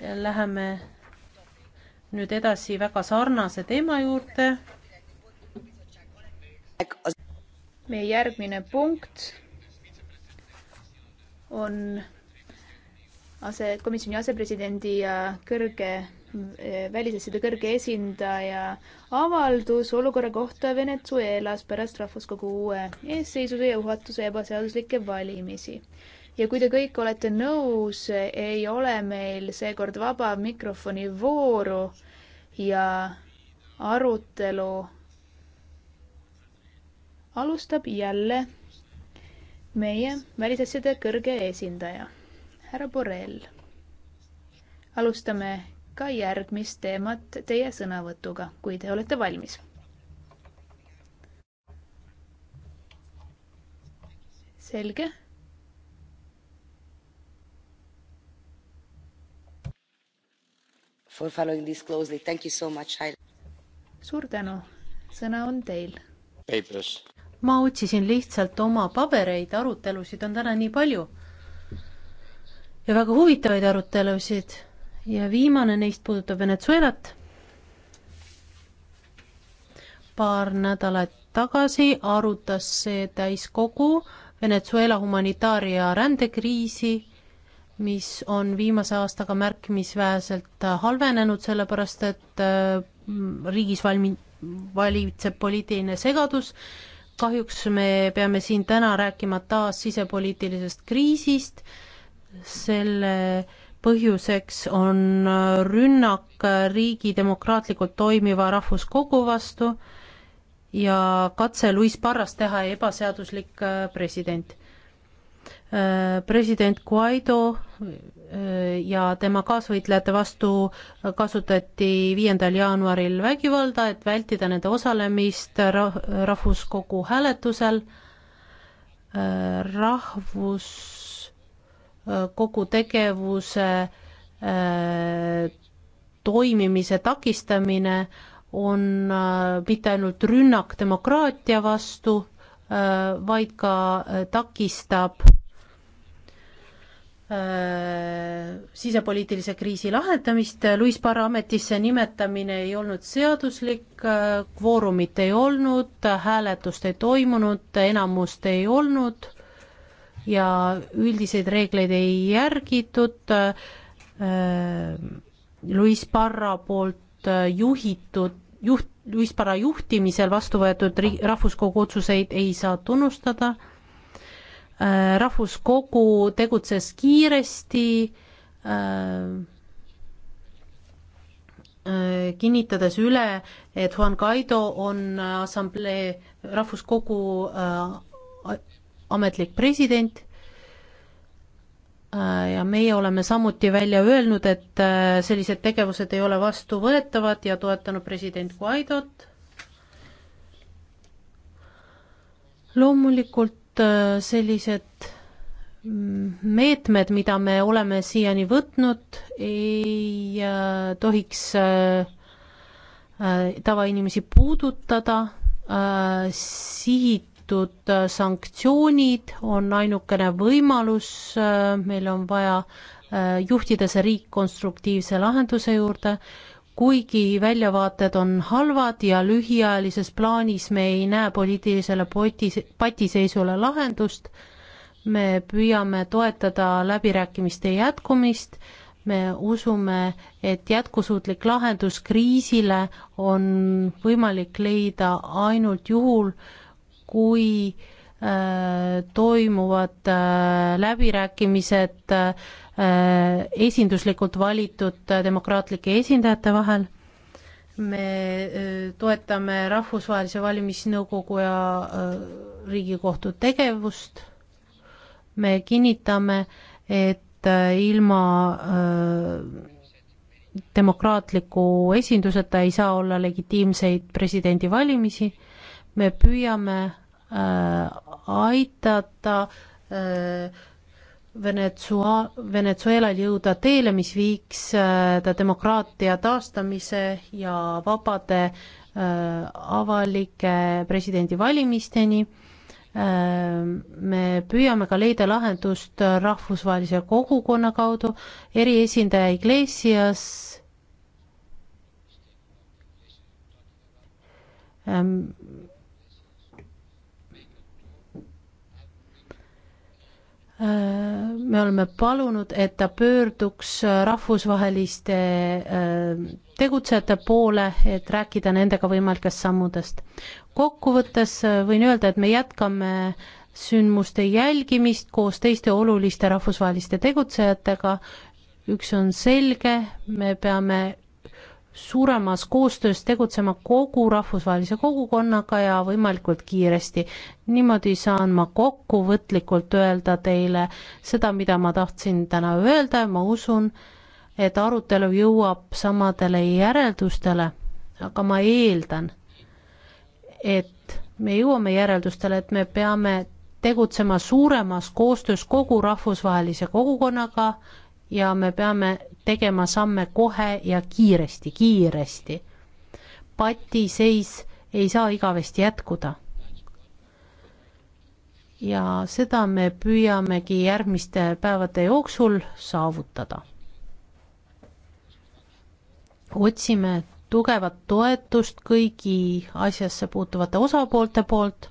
Läheme nüüd edasi väga sarnase teema juurde. meie järgmine punkt on ase, komisjoni asepresidendi ja kõrge, eh, välisasjade kõrge esindaja avaldus olukorra kohta Venezuelas pärast rahvuskogu uue eesseisuse ja juhatuse ebaseaduslikke valimisi ja kui te kõik olete nõus, ei ole meil seekord vaba mikrofoni vooru ja arutelu alustab jälle meie välisasjade kõrge esindaja, härra Borrell. alustame ka järgmist teemat teie sõnavõtuga, kui te olete valmis. selge for following this closely. Thank you so much. suur tänu, sõna on teil. Papers. ma otsisin lihtsalt oma pabereid, arutelusid on täna nii palju ja väga huvitavaid arutelusid ja viimane neist puudutab Venezuelat. paar nädalat tagasi arutas see täiskogu Venezuela humanitaar- ja rändekriisi mis on viimase aastaga märkimisväärselt äh, halvenenud, sellepärast et äh, riigis valmi-, valitseb poliitiline segadus, kahjuks me peame siin täna rääkima taas sisepoliitilisest kriisist, selle põhjuseks on äh, rünnak riigi demokraatlikult toimiva rahvuskogu vastu ja katse Luis Parrast teha ebaseaduslik president Äh, president Guaido äh, ja tema kaasvõitlejate vastu kasutati viiendal jaanuaril vägivalda, et vältida nende osalemist rah-, rahvuskogu hääletusel, äh, rahvuskogu tegevuse toimimise takistamine on mitte ainult rünnak demokraatia vastu, vaid ka takistab Äh, sisepoliitilise kriisi lahendamist, Luis Parra ametisse nimetamine ei olnud seaduslik, äh, kvoorumit ei olnud, hääletust ei toimunud, enamust ei olnud ja üldiseid reegleid ei järgitud, äh, Luis Parra poolt juhitud, juht, Luis Parra juhtimisel vastu võetud ri-, rahvuskogu otsuseid ei saa tunnustada Äh, rahvuskogu tegutses kiiresti, äh, äh, kinnitades üle, et Juan Guaido on assamblee, rahvuskogu ametlik president ja meie oleme samuti välja öelnud, et sellised tegevused ei ole vastuvõetavad ja toetanud president Guaidot. loomulikult Äh, sellised meetmed, mida me oleme siiani võtnud, ei äh, tohiks äh, tavainimesi puudutada, sihitud sanktsioonid on ainukene võimalus, meil on vaja juhtida see riik konstruktiivse lahenduse juurde kuigi väljavaated on halvad ja lühiajalises plaanis me ei näe poliitilisele poti, patiseisule lahendust, me püüame toetada läbirääkimiste jätkumist, me usume, et jätkusuutlik lahendus kriisile on võimalik leida ainult juhul, kui äh, Äh, toimuvad äh, läbirääkimised äh, esinduslikult valitud demokraatlike esindajate vahel me toetame Rahvusvahelise Valimisnõukogu ja Riigikohtu tegevust, me kinnitame, et ilma demokraatliku esinduseta ei saa olla legitiimseid presidendivalimisi, me püüame Äh, aidata äh, Venetsua-, Venezuelal jõuda teele, mis viiks äh, ta demokraatia taastamise ja vabade avalike presidendivalimisteni. me püüame ka leida lahendust rahvusvahelise kogukonna kaudu, eriesindaja Iglesias ähm, me oleme palunud, et ta pöörduks rahvusvaheliste äh, tegutsejate poole, et rääkida nendega võimalikest sammudest. kokkuvõttes äh, võin öelda, et me jätkame sündmuste jälgimist koos teiste oluliste rahvusvaheliste tegutsejatega, üks on selge, me peame suuremas koostöös tegutsema kogu rahvusvahelise kogukonnaga ja võimalikult kiiresti. niimoodi saan ma kokkuvõtlikult öelda teile seda, mida ma tahtsin täna öelda ja ma usun, et arutelu jõuab samadele järeldustele, aga ma eeldan, et me jõuame järeldustele, et me peame tegutsema suuremas koostöös kogu rahvusvahelise kogukonnaga ja me peame tegema samme kohe ja kiiresti, kiiresti. patiseis ei saa igavesti jätkuda. ja seda me püüamegi järgmiste päevade jooksul saavutada. otsime tugevat toetust kõigi asjasse puutuvate osapoolte poolt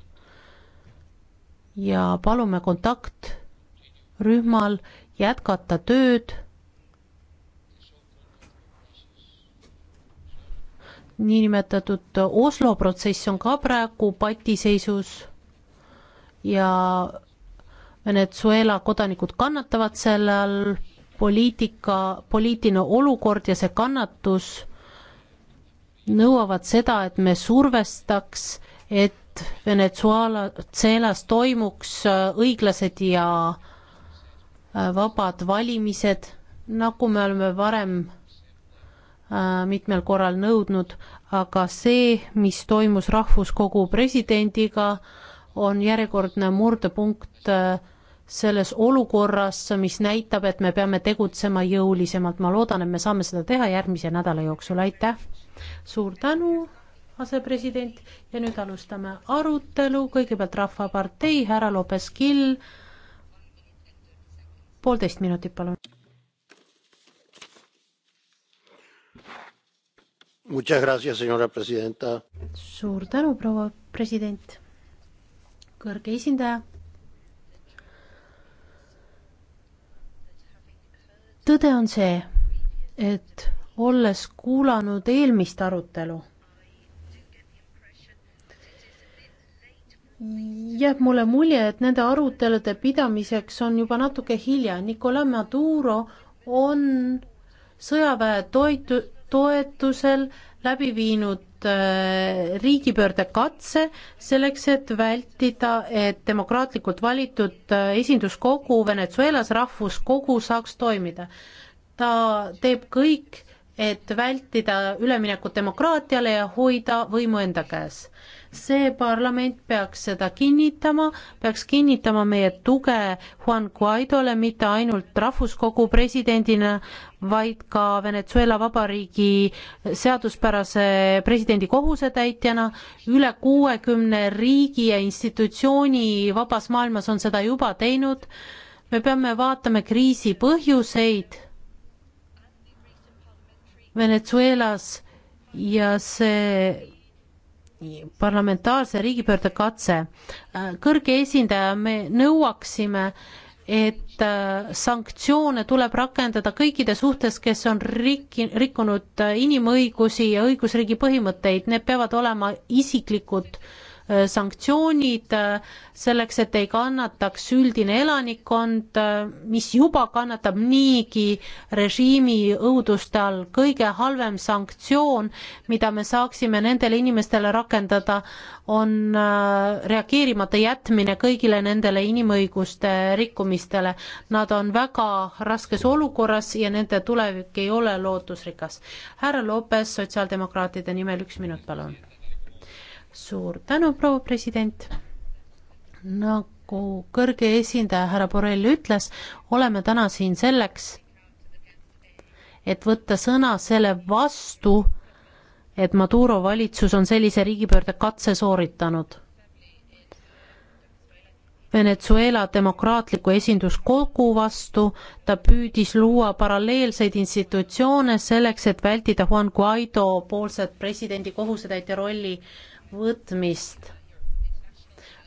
ja palume kontaktrühmal jätkata tööd niinimetatud Oslo protsess on ka praegu patiseisus ja Venezuela kodanikud kannatavad selle all, poliitika, poliitiline olukord ja see kannatus nõuavad seda, et me survestaks, et Venezuela, Tseelas toimuks õiglased ja vabad valimised, nagu me oleme varem Äh, mitmel korral nõudnud, aga see, mis toimus Rahvuskogu presidendiga, on järjekordne murdepunkt äh, selles olukorras, mis näitab, et me peame tegutsema jõulisemalt. ma loodan, et me saame seda teha järgmise nädala jooksul, aitäh! suur tänu, asepresident, ja nüüd alustame arutelu, kõigepealt Rahvapartei, härra Lopez-Kill, poolteist minutit, palun suur tänu, proua president, kõrge esindaja. tõde on see, et olles kuulanud eelmist arutelu, jääb mulle mulje, et nende arutelude pidamiseks on juba natuke hilja. Nicolas Maduro on sõjaväe toitu, toetusel läbi viinud äh, riigipöördekatse selleks, et vältida, et demokraatlikult valitud äh, esinduskogu Venezuelas, rahvuskogu saaks toimida. ta teeb kõik, et vältida üleminekut demokraatiale ja hoida võimu enda käes see parlament peaks seda kinnitama, peaks kinnitama meie tuge Juan Guaidole mitte ainult rahvuskogu presidendina, vaid ka Venezuela Vabariigi seaduspärase presidendi kohusetäitjana. üle kuuekümne riigi ja institutsiooni vabas maailmas on seda juba teinud. me peame vaatama kriisi põhjuseid Venezuelas ja see parlamentaarse riigipöörde katse. kõrge esindaja, me nõuaksime, et äh, sanktsioone tuleb rakendada kõikide suhtes, kes on rikki, rikkunud äh, inimõigusi ja õigusriigi põhimõtteid, need peavad olema isiklikud äh, Äh, sanktsioonid äh, selleks, et ei kannataks üldine elanikkond, äh, mis juba kannatab niigi režiimi õuduste all. kõige halvem sanktsioon, mida me saaksime nendele inimestele rakendada, on reageerimata jätmine kõigile nendele inimõiguste rikkumistele. Nad on väga raskes olukorras ja nende tulevik ei ole lootusrikas. härra Lopes sotsiaaldemokraatide nimel üks minut, palun suur tänu, proua president. nagu kõrge esindaja härra Borrell ütles, oleme täna siin selleks, et võtta sõna selle vastu, et Maduro valitsus on sellise riigipöörde katse sooritanud. Venezuela demokraatliku esinduskogu vastu, ta püüdis luua paralleelseid institutsioone selleks, et vältida Juan Guaido poolset presidendi kohusetäitja rolli äh, võtmist.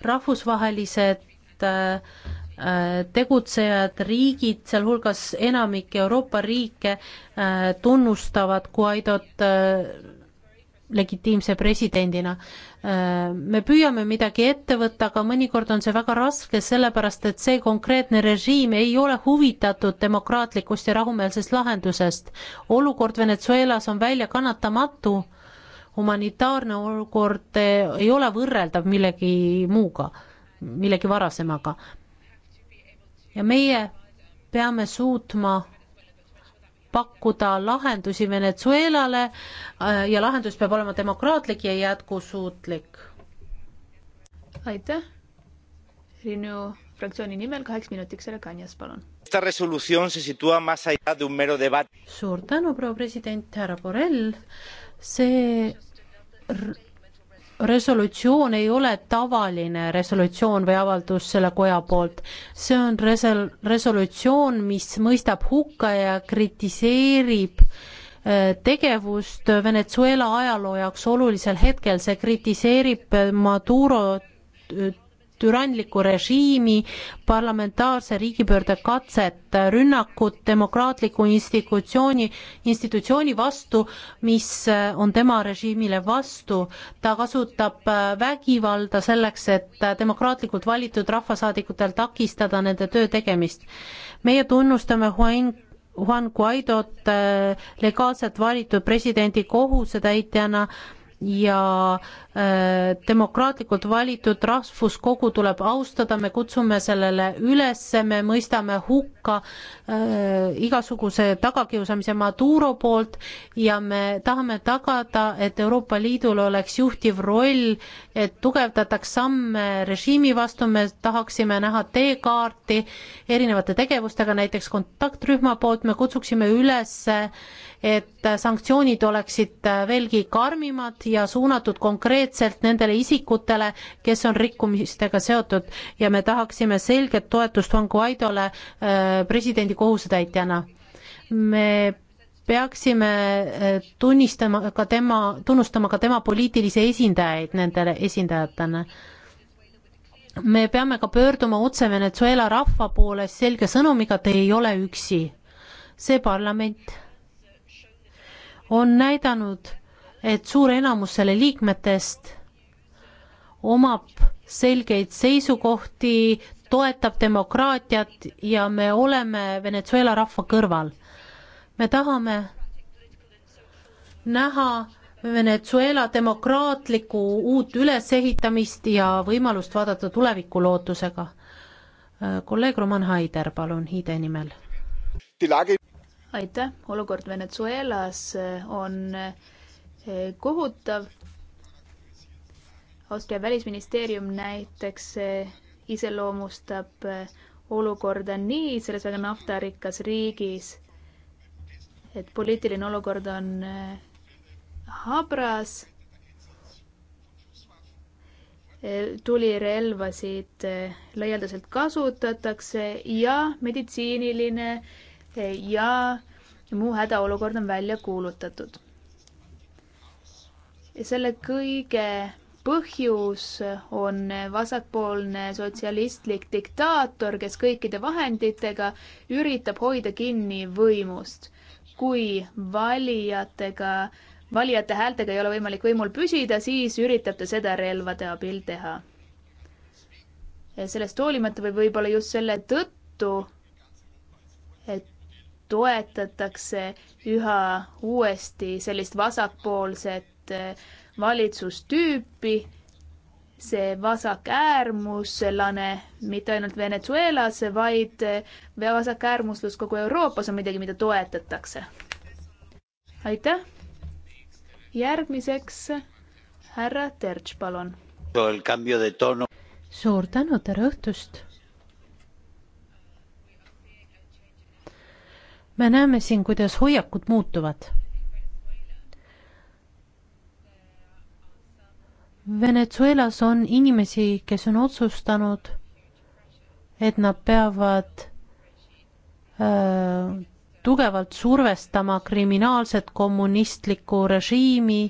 rahvusvahelised äh, äh, tegutsejad, riigid, sealhulgas enamik Euroopa riike äh, tunnustavad Guaidot legitiimse presidendina. me püüame midagi ette võtta, aga mõnikord on see väga raske, sellepärast et see konkreetne režiim ei ole huvitatud demokraatlikust ja rahumeelsest lahendusest. olukord Venezuelas on väljakannatamatu humanitaarne olukord eh, ei ole võrreldav millegi muuga, millegi varasemaga. ja meie peame suutma pakkuda lahendusi Venezuelale eh, ja lahendus peab olema demokraatlik ja jätkusuutlik. aitäh. Renew fraktsiooni nimel kaheks minutiks härra Kanjas, palun. suur tänu, proua president, härra Borrell see resolutsioon ei ole tavaline resolutsioon või avaldus selle koja poolt. see on resol-, resolutsioon, mis mõistab hukka ja kritiseerib äh, tegevust Venezuela ajaloo jaoks olulisel hetkel, see kritiseerib äh, Maduro türanliku režiimi, parlamentaarse riigipöörde katset, rünnakut demokraatliku institutsiooni, institutsiooni vastu, mis eh, on tema režiimile vastu. ta kasutab eh, vägivalda selleks, et eh, demokraatlikult valitud rahvasaadikutel takistada nende töö tegemist. meie tunnustame Juan Juan Guaidot legaalselt valitud presidendi kohusetäitjana ja äh, demokraatlikult valitud rahvuskogu tuleb austada, me kutsume sellele üles, me mõistame hukka äh, igasuguse tagakiusamise Maduro poolt ja me tahame tagada, et Euroopa Liidul oleks juhtiv roll, et tugevdataks samme režiimi vastu, me tahaksime näha teekaarti erinevate tegevustega, näiteks kontaktrühma poolt, me kutsuksime üles et sanktsioonid oleksid veelgi karmimad ja suunatud konkreetselt konkreetselt nendele isikutele, kes on rikkumistega seotud ja me tahaksime selget toetust Juan Guaidole äh, presidendi kohusetäitjana. me peaksime äh, tunnistama ka tema, tunnustama ka tema poliitilisi esindajaid nendele esindajatena me peame ka pöörduma otse Venezuela rahva poole selge sõnumiga, te ei ole üksi. see parlament on näidanud et suur enamus selle liikmetest omab selgeid seisukohti, toetab demokraatiat ja me oleme Venezuela rahva kõrval. me tahame näha Venezuela demokraatlikku uut ülesehitamist ja võimalust vaadata tulevikku lootusega. kolleeg Roman Haider, palun, ID nimel. aitäh, olukord Venezuelas on äh, kohutav. Austria välisministeerium näiteks eh, iseloomustab eh, olukorda nii selles väga naftarikkas riigis, et poliitiline olukord on eh, habras tulirelvasid laialdaselt kasutatakse ja meditsiiniline ja muu hädaolukord on välja kuulutatud ja selle kõige põhjus on vasakpoolne sotsialistlik diktaator, kes kõikide vahenditega üritab hoida kinni võimust. kui valijatega, valijate häältega ei ole võimalik võimul püsida, siis üritab ta seda relvade abil teha. sellest hoolimata või võib-olla just selle tõttu, et toetatakse üha uuesti sellist vasakpoolset Eh, valitsustüüpi, see vasakäärmuslane mitte ainult Venezuelas, vaid eh, vasakäärmuslus kogu Euroopas on midagi, mida toetatakse. aitäh. järgmiseks härra Terts, palun. suur tänu, tere õhtust me näeme siin, kuidas hoiakud muutuvad. Venezuelas on inimesi, kes on otsustanud, et nad peavad öö, äh, tugevalt survestama kriminaalset kommunistlikku režiimi,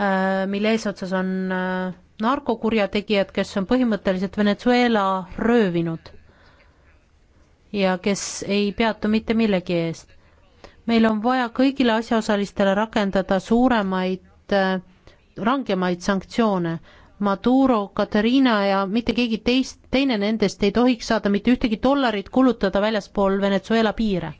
äh, mille eesotsas on äh, narkokurjategijad, kes on põhimõtteliselt Venezuela röövinud ja kes ei peatu mitte millegi eest. meil on vaja kõigile asjaosalistele rakendada suuremaid äh, rangemaid sanktsioone. Maduro, Katariina ja mitte keegi teist, teine nendest ei tohiks saada mitte ühtegi dollarit kulutada väljaspool Venezuela piire.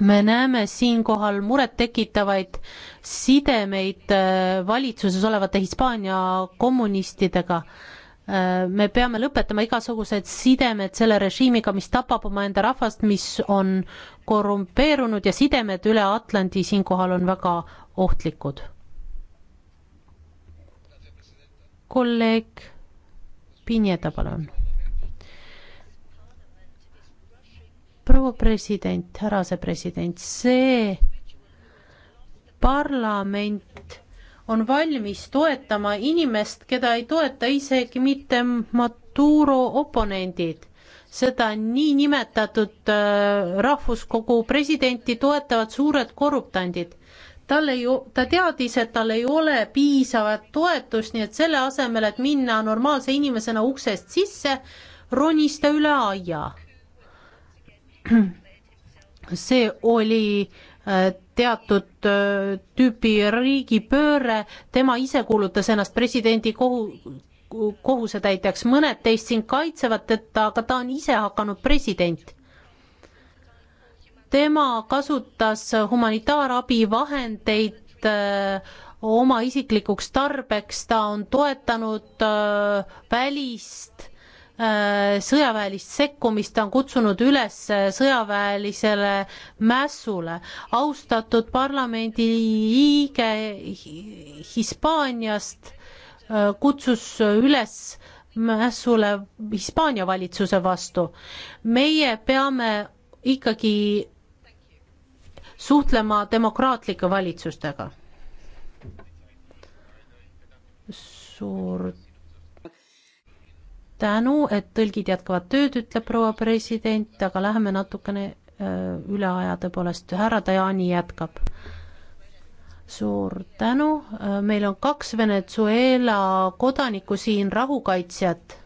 me näeme siinkohal murettekitavaid sidemeid äh, valitsuses olevate Hispaania kommunistidega äh, me peame lõpetama igasugused sidemed selle režiimiga, mis tapab omaenda rahvast, mis on korrumpeerunud ja sidemed üle Atlandi siinkohal on väga ohtlikud. kolleeg Pinjeda, palun. proua president, härra asepresident, see parlament on valmis toetama inimest, keda ei toeta isegi mitte Maduro oponendid. seda niinimetatud äh, rahvuskogu presidenti toetavad suured korruptandid tal ei, ta teadis, et tal ei ole piisavat toetust, nii et selle asemel, et minna normaalse inimesena uksest sisse, ronis ta üle aia. see oli äh, teatud äh, tüüpi riigipööre, tema ise kuulutas ennast presidendi kohu-, kohusetäitjaks, mõned teist siin kaitsevad teda, aga ta on ise hakanud president tema kasutas humanitaarabivahendeid äh, oma isiklikuks tarbeks, ta on toetanud äh, välist äh, sõjaväelist sekkumist, ta on kutsunud üles sõjaväelisele mässule. austatud parlamendi liige Hispaaniast kutsus üles mässule Hispaania valitsuse vastu. meie peame ikkagi suhtlema demokraatlike valitsustega. suur tänu, et tõlgid jätkavad tööd, ütleb proua president, aga läheme natukene äh, üle aja tõepoolest, härra Tajani jätkab. suur tänu, äh, meil on kaks Venezuela kodanikku siin, rahukaitsjad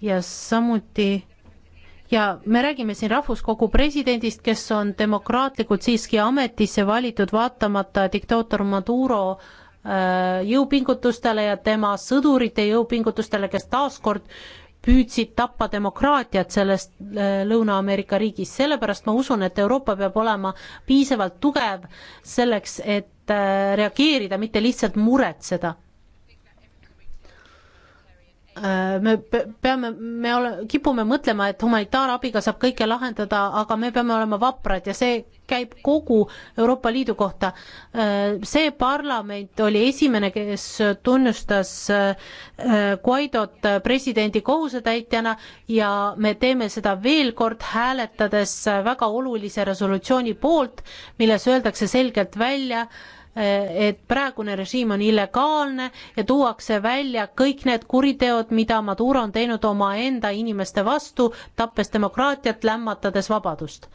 ja samuti ja me räägime siin rahvuskogu presidendist, kes on demokraatlikult siiski ametisse valitud, vaatamata diktaator Maduro äh, jõupingutustele ja tema sõdurite jõupingutustele, kes taaskord püüdsid tappa demokraatiat selles äh, Lõuna-Ameerika riigis, sellepärast ma usun, et Euroopa peab olema piisavalt tugev selleks, et äh, reageerida, mitte lihtsalt muretseda Äh, me peame, me ole, kipume mõtlema, et humanitaarabiga saab kõike lahendada, aga me peame olema vaprad ja see käib kogu Euroopa Liidu kohta. Äh, see parlament oli esimene, kes tunnustas äh, Guaidot presidendi kohusetäitjana ja me teeme seda veel kord, hääletades väga olulise resolutsiooni poolt, milles öeldakse selgelt välja, Eh, et praegune režiim on illegaalne ja tuuakse välja kõik need kuriteod, mida Maduro on teinud omaenda inimeste vastu, tappes demokraatiat, lämmatades vabadust.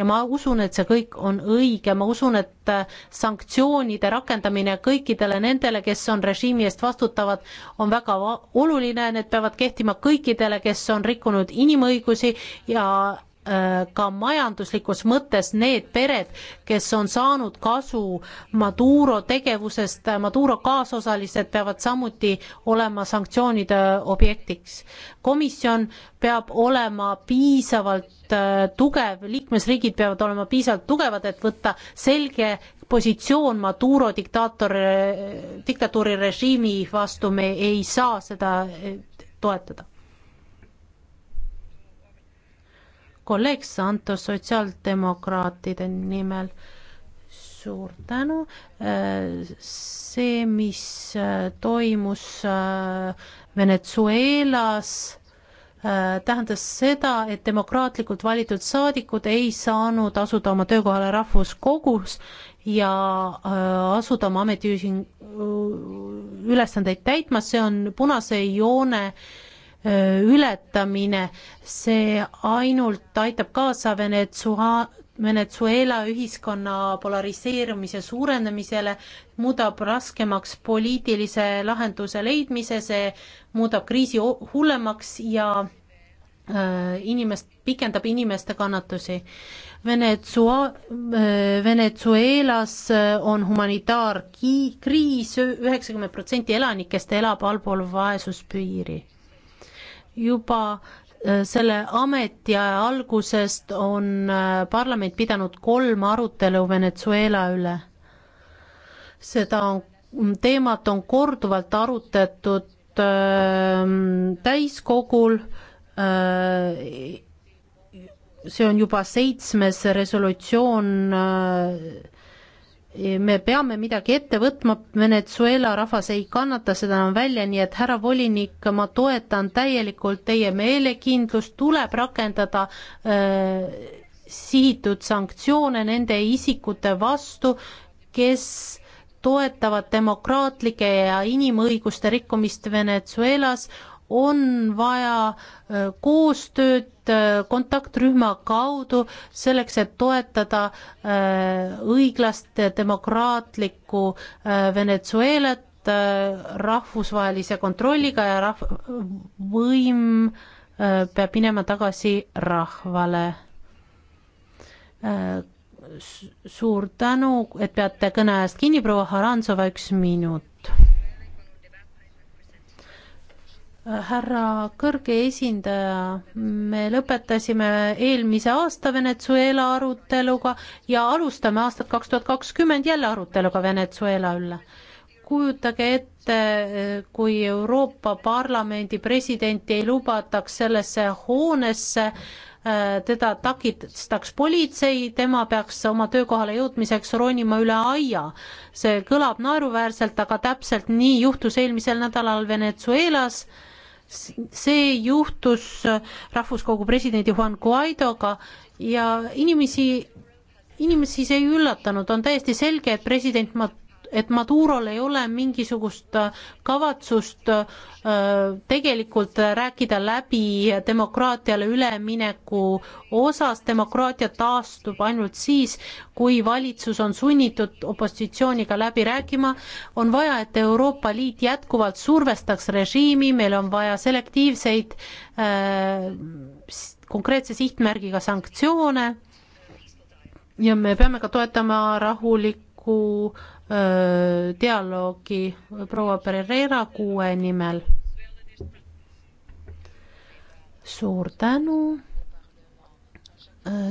ja ma usun, et see kõik on õige, ma usun, et äh, sanktsioonide rakendamine kõikidele nendele, kes on režiimi eest vastutavad, on väga oluline, need peavad kehtima kõikidele, kes on rikkunud inimõigusi ja Äh, ka majanduslikus mõttes need pered, kes on saanud kasu Maduro tegevusest, Maduro kaasosalised peavad samuti olema sanktsioonide objektiks. komisjon peab olema piisavalt äh, tugev, liikmesriigid peavad olema piisavalt tugevad, et võtta selge positsioon Maduro diktaator, äh, diktatuurirežiimi vastu, me ei saa seda toetada kolleeg Santos sotsiaaldemokraatide nimel. suur tänu. see, mis äh, toimus äh, Venezuelas, äh, tähendas seda, et demokraatlikult valitud saadikud ei saanud asuda oma töökohale rahvuskogus ja asuda oma ametiühing-, ülesandeid täitma, see on punase joone äh, Äh, ületamine, see ainult aitab kaasa Venetsua-, Venezuela ühiskonna polariseerumise suurenemisele, muudab raskemaks poliitilise lahenduse leidmise, see muudab kriisi hullemaks ja äh, inimest, pikendab inimeste kannatusi. Venetsua-, äh, Venezuelas on humanitaarkriis, üheksakümmend protsenti elanikest elab allpool vaesuspiiri juba äh, selle ametiaja algusest on äh, parlament pidanud kolm arutelu Venezuela üle. seda on, teemat on korduvalt arutatud äh, täiskogul äh,, see on juba seitsmes resolutsioon äh, me peame midagi ette võtma, Venezuela rahvas ei kannata seda enam välja, nii et härra volinik, ma toetan täielikult teie meelekindlust, tuleb rakendada äh, sihitud sanktsioone nende isikute vastu, kes toetavad demokraatlike ja inimõiguste rikkumist Venezuelas, on vaja äh, koostööd äh, kontaktrühma kaudu selleks, et toetada äh, õiglast demokraatlikku Venezuelat rahvusvahelise kontrolliga ja rahv-, võim peab minema tagasi rahvale. suur tänu, et peate kõne eest kinni, proua Harantsova, üks minut härra kõrge esindaja, me lõpetasime eelmise aasta Venezuela aruteluga ja alustame aastat kaks tuhat kakskümmend jälle aruteluga Venezuela üle. kujutage ette, kui Euroopa Parlamendi presidenti ei lubataks sellesse hoonesse, äh, teda takistaks politsei, tema peaks oma töökohale jõudmiseks ronima üle aia. see kõlab naeruväärselt, aga täpselt nii juhtus eelmisel nädalal Venezuelas see juhtus Rahvuskogu presidendi Juan Guaidoga ja inimesi, inimesi see ei üllatanud, on täiesti selge, et president Mat-, et Madurol ei ole mingisugust äh, kavatsust äh, tegelikult rääkida läbi demokraatiale ülemineku osas, demokraatia taastub ainult siis, kui valitsus on sunnitud opositsiooniga läbi rääkima, on vaja, et Euroopa Liit jätkuvalt survestaks režiimi, meil on vaja selektiivseid äh, konkreetse sihtmärgiga sanktsioone ja me peame ka toetama rahulikku dialoogi proua Pereira kuue nimel. suur tänu.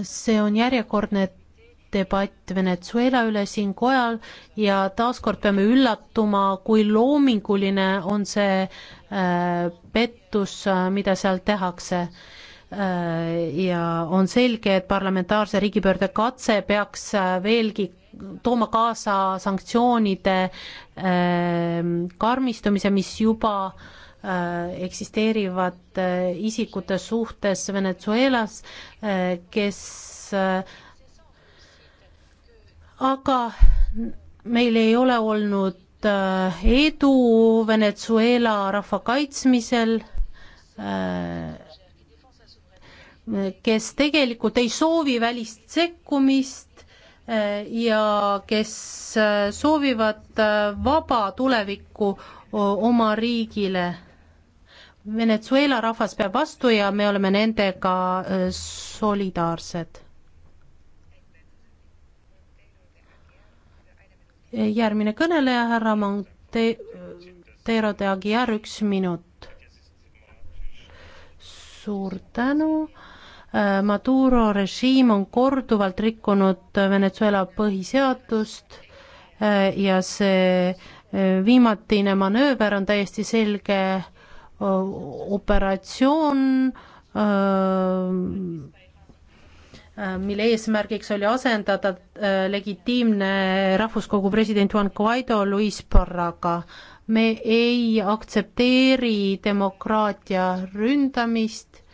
see on järjekordne debatt Venezuela üle siin kojal ja taaskord peame üllatuma, kui loominguline on see äh, pettus, mida seal tehakse äh,. ja on selge, et parlamentaarse riigipöörde katse peaks äh, veelgi tooma kaasa sanktsioonide ähm, karmistumise, mis juba äh, eksisteerivad äh, isikute suhtes Venezuelas, äh, kes aga meil ei ole olnud edu Venezuela rahva kaitsmisel kes tegelikult ei soovi välist sekkumist, Äh, ja kes äh, soovivad äh, vaba tulevikku oma riigile. Venezuela rahvas peab vastu ja me oleme nendega solidaarsed. järgmine kõneleja, härra Monte-, Tero de Aguiar, üks minut. suur tänu Äh, Maduro režiim on korduvalt rikkunud äh, Venezuela põhiseadust äh, ja see viimatine manööver on täiesti selge operatsioon, mille eesmärgiks oli asendada legitiimne rahvuskogu president Juan Guaido Luis Barraga. me ei aktsepteeri demokraatia ründamist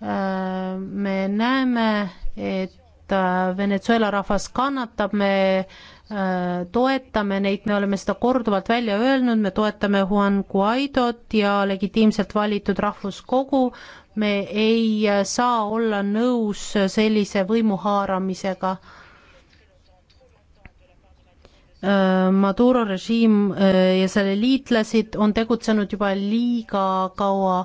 me näeme, et äh, Venezuela rahvas kannatab, me äh, toetame neid, me oleme seda korduvalt välja öelnud, me toetame Juan Guaidot ja legitiimselt valitud rahvuskogu, me ei äh, saa olla nõus sellise võimu haaramisega. Maduro režiim ja selle liitlased on tegutsenud juba liiga kaua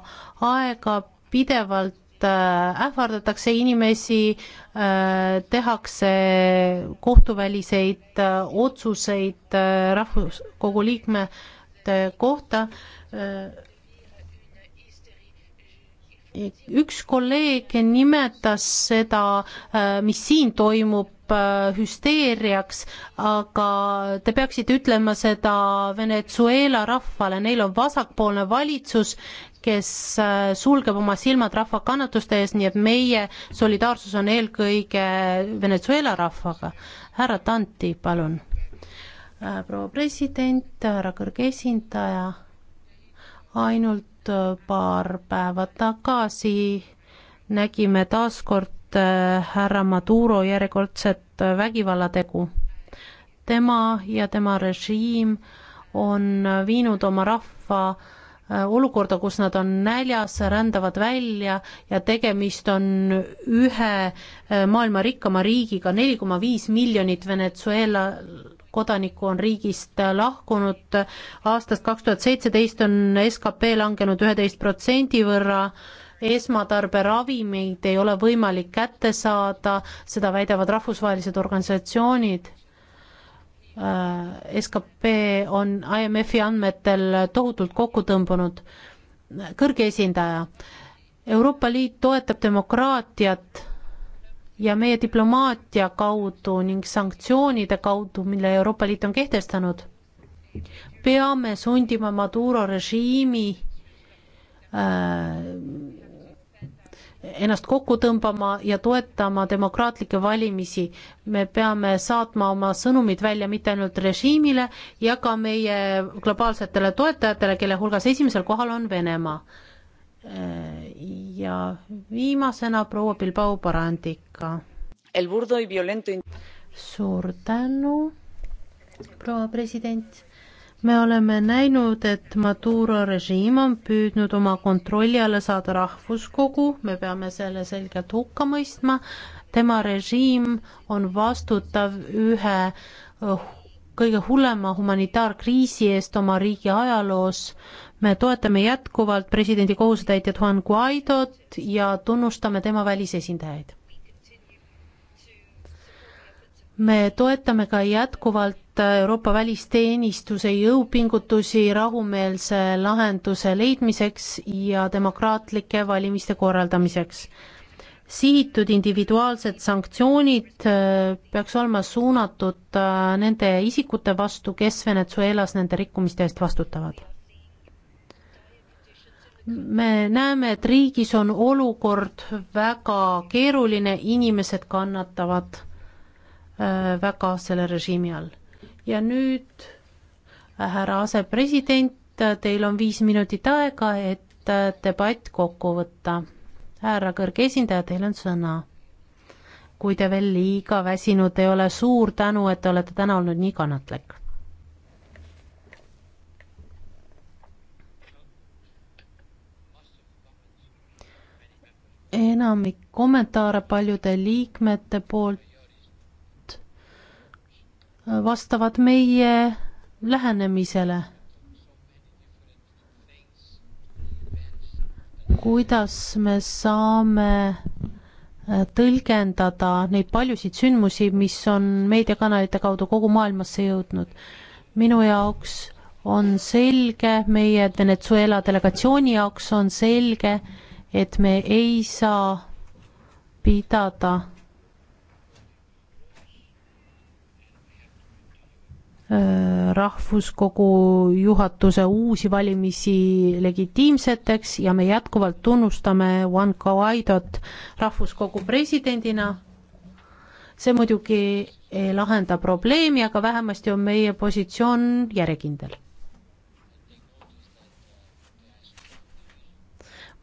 aega, pidevalt et äh, ähvardatakse inimesi, äh, tehakse kohtuväliseid äh, otsuseid rahvuskogu liikmete kohta. üks kolleeg nimetas seda, mis siin toimub, hüsteeriaks, aga te peaksite ütlema seda Venezuela rahvale, neil on vasakpoolne valitsus, kes äh, sulgeb oma silmad rahva kannatuste ees, nii et meie solidaarsus on eelkõige Venezuela rahvaga. härra Tanti, palun. Äh, proua president, härra kõrge esindaja, ainult äh, paar päeva tagasi nägime taas kord härra Maduro järjekordset vägivallategu. tema ja tema režiim on viinud oma rahva Äh, olukorda, kus nad on näljas, rändavad välja ja tegemist on ühe äh, maailma rikkama riigiga, neli koma viis miljonit Venezuela kodanikku on riigist äh, lahkunud, aastast kaks tuhat seitseteist on skp langenud üheteist protsendi võrra, esmatarberavimid ei ole võimalik kätte saada, seda väidavad rahvusvahelised organisatsioonid Äh, skp on IMF-i andmetel tohutult kokku tõmbunud. kõrge esindaja, Euroopa Liit toetab demokraatiat ja meie diplomaatia kaudu ning sanktsioonide kaudu, mille Euroopa Liit on kehtestanud, peame sundima Maduro režiimi äh, ennast kokku tõmbama ja toetama demokraatlikke valimisi. me peame saatma oma sõnumid välja mitte ainult režiimile ja ka meie globaalsetele toetajatele, kelle hulgas esimesel kohal on Venemaa. ja viimasena proua Bilbao Barandika. suur tänu, proua president me oleme näinud, et Maduro režiim on püüdnud oma kontrolli alla saada rahvuskogu, me peame selle selgelt hukka mõistma, tema režiim on vastutav ühe uh, kõige hullema humanitaarkriisi eest oma riigi ajaloos. me toetame jätkuvalt presidendi kohusetäitjat Juan Guaidot ja tunnustame tema välisesindajaid me toetame ka jätkuvalt Euroopa välisteenistuse jõupingutusi rahumeelse lahenduse leidmiseks ja demokraatlike valimiste korraldamiseks. sihitud individuaalsed sanktsioonid äh, peaks olema suunatud äh, nende isikute vastu, kes Venezuelas nende rikkumiste eest vastutavad me näeme, et riigis on olukord väga keeruline, inimesed kannatavad Äh, väga selle režiimi all. ja nüüd äh, härra asepresident, äh, teil on viis minutit aega, et debatt kokku võtta. härra kõrge esindaja, teil on sõna. kui te veel liiga väsinud ei ole, suur tänu, et te olete täna olnud nii kannatlik enamik kommentaare paljude liikmete poolt vastavad meie lähenemisele. kuidas me saame äh, tõlgendada neid paljusid sündmusi, mis on meediakanalite kaudu kogu maailmasse jõudnud. minu jaoks on selge, meie Venezuela delegatsiooni jaoks on selge, et me ei saa pidada Äh, rahvuskogu juhatuse uusi valimisi legitiimseteks ja me jätkuvalt tunnustame Juan Guaidot rahvuskogu presidendina. see muidugi ei lahenda probleemi, aga vähemasti on meie positsioon järjekindel.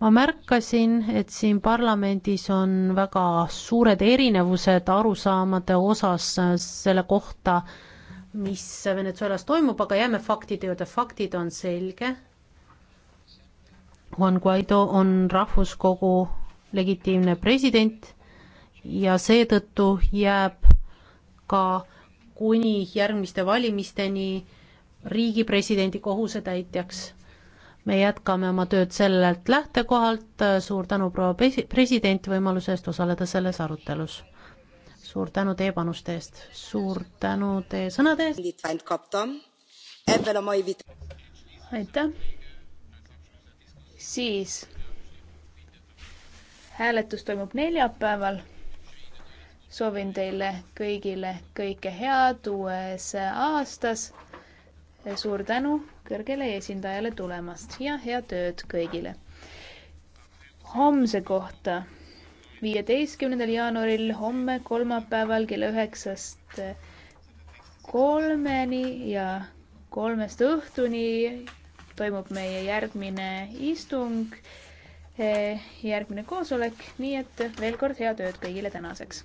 ma märkasin, et siin parlamendis on väga suured erinevused arusaamade osas selle kohta, mis Venezuelas toimub, aga jääme faktide juurde, faktid on selge. Juan Guaido on rahvuskogu legitiimne president ja seetõttu jääb ka kuni järgmiste valimisteni riigi presidendi kohusetäitjaks. me jätkame oma tööd sellelt lähtekohalt, suur tänu, proua president, võimaluse eest osaleda selles arutelus suur tänu teie panuste eest, suur tänu teie sõnade eest. aitäh. siis hääletus toimub neljapäeval. soovin teile kõigile kõike head uues aastas. suur tänu kõrgele esindajale tulemast ja head ööd kõigile. homse kohta viieteistkümnendal jaanuaril homme kolmapäeval kella üheksast kolmeni ja kolmest õhtuni toimub meie järgmine istung, eh, järgmine koosolek, nii et veel kord head ööd kõigile tänaseks!